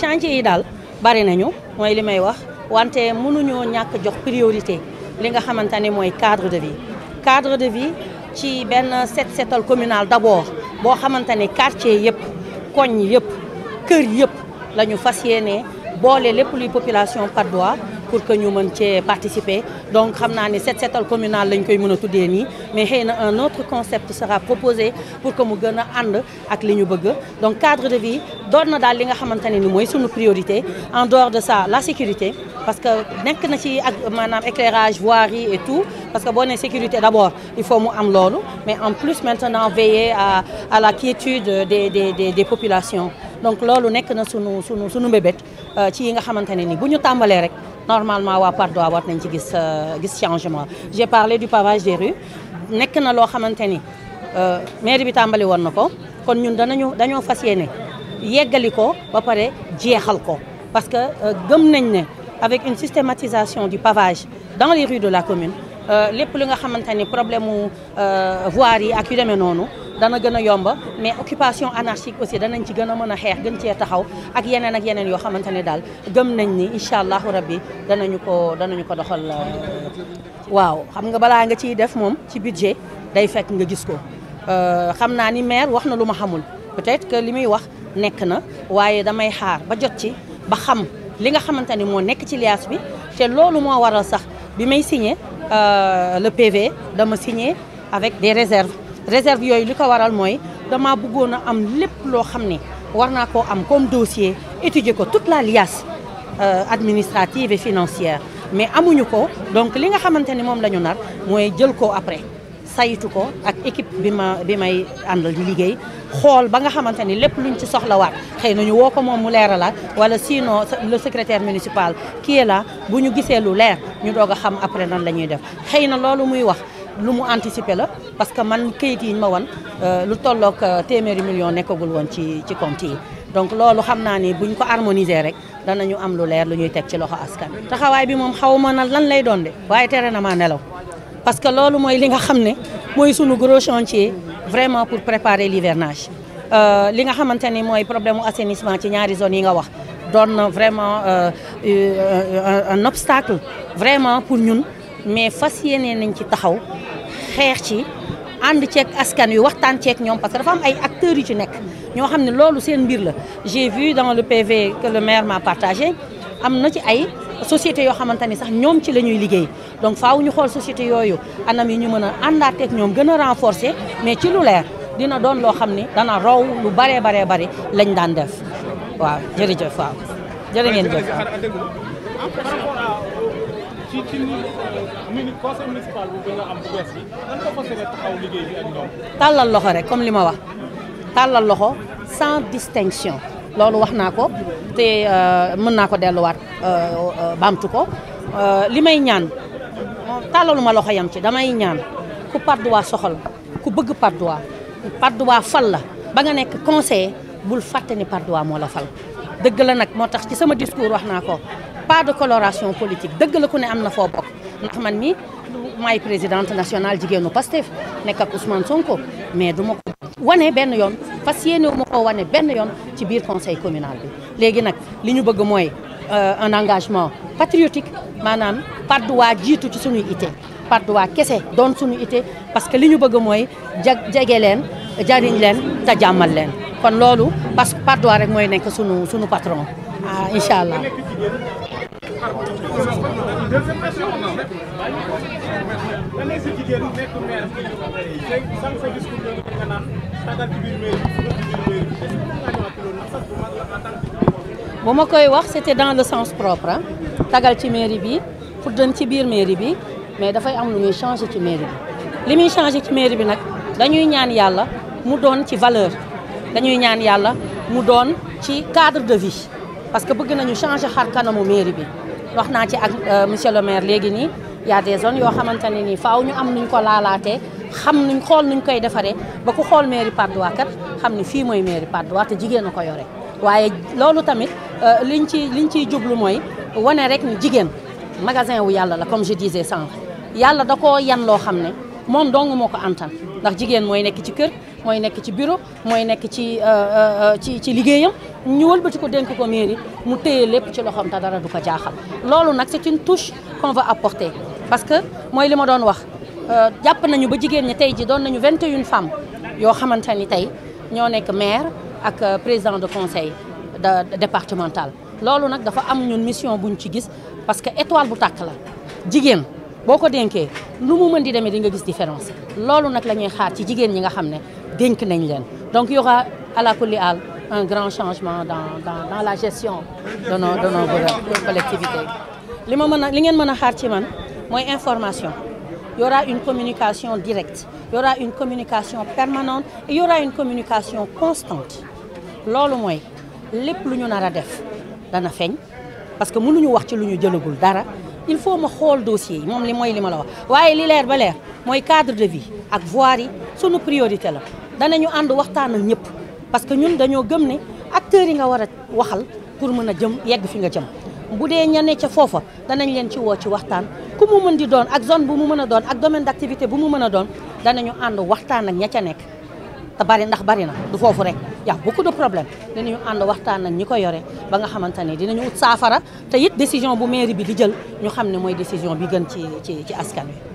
waaw euh, yi daal bari nañu mooy li may wax wante mënuñoo ñàkk jox priorité li nga xamante ne mooy cadre de vie. cadre de vie ci benn set setal communal d'abord boo xamante ne quartier yëpp koñ yëpp kër yëpp lañu ñu fas yéene boole lépp luy population Patte d'Oie pour que ñu mën cee participer donc xam naa ni set setal communal lañu koy mën a tuddee nii mais xëy na un autre concept sera proposé pour que mu gën a ànd ak li ñu bëgg donc cadre de vie doon na daal li nga xamante ne ni mooy suñu priorité en dehors de ça la sécurité parce que nekk na ci ak maanaam éclairage voirie et tout parce que boo nee sécurité d'abord il faut mu am loolu mais en plus maintenant veiller à à la quiétude des des des, des populations donc loolu nekk na sunu sunu sunu mbébét euh, ci yi nga xamante ne ni bu ñu tàmbalee rek. normalement waa Patte d'Oie war nañ ci gis euh, gis changement j'ai parlé du pavage des rues nekk na loo xamante ni euh, mairie bi tàmbali woon na ko kon ñun danañu dañoo fas yéene yeggali ko ba pare jeexal ko parce que euh, gëm nañ ne avec une systématisation du pavage dans les rues de la commune lépp li nga xamante ni problème mu voirie yi ak yu demee noonu dana gën a yomba mais occupation anarchique aussi danañ ci gën a mën a xeex gën cee taxaw ak yeneen ak yeneen yoo xamante ne daal gëm nañ ni incha allahu rabbi danañu ko danañu ko doxal euh, waaw xam nga balaa nga ciy def moom ci budget day fekk nga gis ko euh, xam naa ni maire wax na lu ma xamul peut-être que li muy wax nekk na waaye damay xaar ba jot ci ba xam li nga xamante ni moo nekk ci liaas bi te loolu moo waral sax bi may signé euh, le PV dama signé avec des réserves réserve yooyu li ko waral mooy dama bëggoon a am lépp loo xam ni war naa ko am comme dossier étudier ko toute la liasse euh, administrative et financière mais amuñu ko donc li nga xamante ni moom la ñu nar mooy jël ko après saytu ko ak équipe bi ma bi may àndal di liggéey xool ba nga xamante ni lépp luñ ci soxlawaat xëy nañu woo ko moom mu leeralaat wala sinon le secrétaire municipal kii la bu ñu gisee lu leer ñu doog a xam après nan la ñuy def xëy na loolu muy wax lu mu anticiper la parce que man kayit yi ñu ma wan euh, lu tolloog euh, téeméeri million nekkagul woon ci ci compte yi donc loolu xam naa ni buñ ko harmoniser rek dana ñu am lu leer lu ñuy teg ci loxo askan taxawaay bi moom xaw ma na lan lay doon de waaye tere na maa nelaw parce que loolu mooy li nga xam ne mooy sunu gros ci vraiment pour préparer l'hivernage euh, li nga xamante ni mooy problème mu assainissement ci ñaari zones yi nga wax doon vraiment un obstacle mais fas yéene nañ ci taxaw xeex ci ànd ceeg askan wi waxtaan ceeg ñoom parce que dafa am ay acteurs yu ci nekk ñoo xam ne loolu seen mbir la j'ai vu dans le PV que le maire m'a partagé am na ci ay société yoo xamante ni sax ñoom ci la ñuy liggéey donc faaw ñu xool société yooyu anam yi ñu mën a àndaateeg ñoom gën a renforcer mais ci lu leer dina doon loo xam ni dana raw lu baree baree bari lañ daan def waaw jërëjëf waaw tàllal loxo rek comme li ma wax tàllal loxo sans distinction loolu wax naa ko te euh, mën naa ko delluwaat euh, euh, baamtu ko li may ñaan tàllaluma loxo yam ci damay ñaan ku Padois soxal ku bëgg Padois Padois fal la ba nga nekk conseiller bul fàtte ni Padois moo la fal dëgg la nag moo tax ci sama discours wax naa ko. pas de coloration politique dëgg la ku ne am na foo bokk ndax man mi maay présidente nationale jigéenu Pastef nekk ak Ousmane Sonko mais du ma wane benn yoon fas yéene wu ma ko wane benn yoon ci biir conseil communal bi léegi nag li ñu bëgg mooy euh, un engagement patriotique maanaam Padois jiitu ci suñuy ité Padois kese doon suñu ité parce que li ñu bëgg mooy jag jege leen jariñ leen te jàmmal leen kon loolu parce que Padois rek mooy nekk sunu sunu patron ah incha allah. bu ma koy wax c'était dans le sens propre tagal ci mairie bi pour doon ci biir mairie bi mais dafay am lu ñuy changer ci mairie bi li muy changer ci mairie bi nag dañuy ñaan yàlla mu doon ci valeur dañuy ñaan yàlla mu doon ci cadre de vie parce que bëgg nañu changer xar kanamu mairie bi wax naa ci ak euh, monsieur le maire léegi nii y a des zones yoo xamante ne nii faaw ñu am nuñ ko laalaatee xam nuñ xool nuñ koy defaree ba ku xool mairie Patte d'Oie kat xam ni fii mooy mairie Patte d'Oie te jigéen a ko yore waaye loolu tamit euh, liñ ci liñ ciy jublu mooy wane rek ni jigéen magasin wu yàlla la comme je disais sànq yàlla da koo yan loo xam ne moom dong moo ko antan ndax jigéen mooy nekk ci kër mooy nekk ci bureau mooy nekk ci euh, euh, ci ci liggéeyam ñu wëlbati ko dénk ko mairie mu téye lépp ci loxoom te dara du ko jaaxal loolu nag c'est une touche qu'on va apporter parce que mooy li ma doon wax euh, jàpp nañu ba jigéen ñi tey ji doon nañu vingt et une yoo xamante ni tey ñoo nekk maire ak président de conseil départemental loolu nag dafa am ñun mission buñ ci gis parce que étoile bu tàkk la jigéen boo ko dénkee lu mu mën di demee di nga gis différence loolu nag la ñuy xaar ci jigéen ñi nga xam ne dénk nañ leen donc y aura à la kulli un grand changement dans dans dans la gestion de nos de nos li ma mën a li ngeen mën a xaar man mooy information y aura une communication directe y aura une communication permanente et y une communication constante loolu mooy lépp lu ñu nar a def dana feeñ parce que mënuñu wax ci lu ñu jëlagul dara. il faut ma xool dossier yi moom li mooy li ma la wax waaye li leer ba leer mooy cadre de vie ak voir yi sunu priorité la danañu ànd waxtaan ak ñëpp parce que ñun dañoo gëm ne acteurs yi nga war a waxal pour mën a jëm yegg fi nga jëm bu dee ña ne ca foofa danañ leen ci woo ci waxtaan ku mu mën di doon ak zone bu mu mën a doon ak domaine d'activité bu mu mën a doon danañu ànd waxtaan ak ña ca nekk te bari ndax bari na du foofu rek y a beaucoup de problèmes dinañu ànd waxtaan nañ ñi ko yore ba nga xamante ne dinañu ut saafara te it décision bu mairie bi di jël ñu xam ne mooy décision bi gën ci ci ci askan wi